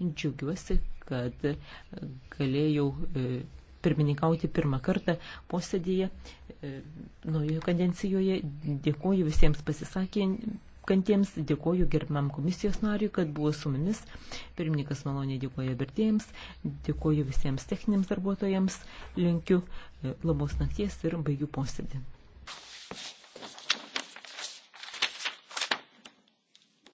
Džiugiuosi, kad galėjau e, pirmininkauti pirmą kartą posėdėje naujojo kadencijoje. Dėkuoju visiems pasisakantiems, dėkuoju gerbiam komisijos nariui, kad buvo su mumis. Pirmininkas maloniai dėkuoja vertėjams, dėkuoju visiems techniniams darbuotojams, linkiu e, labos nakties ir baigiu posėdį.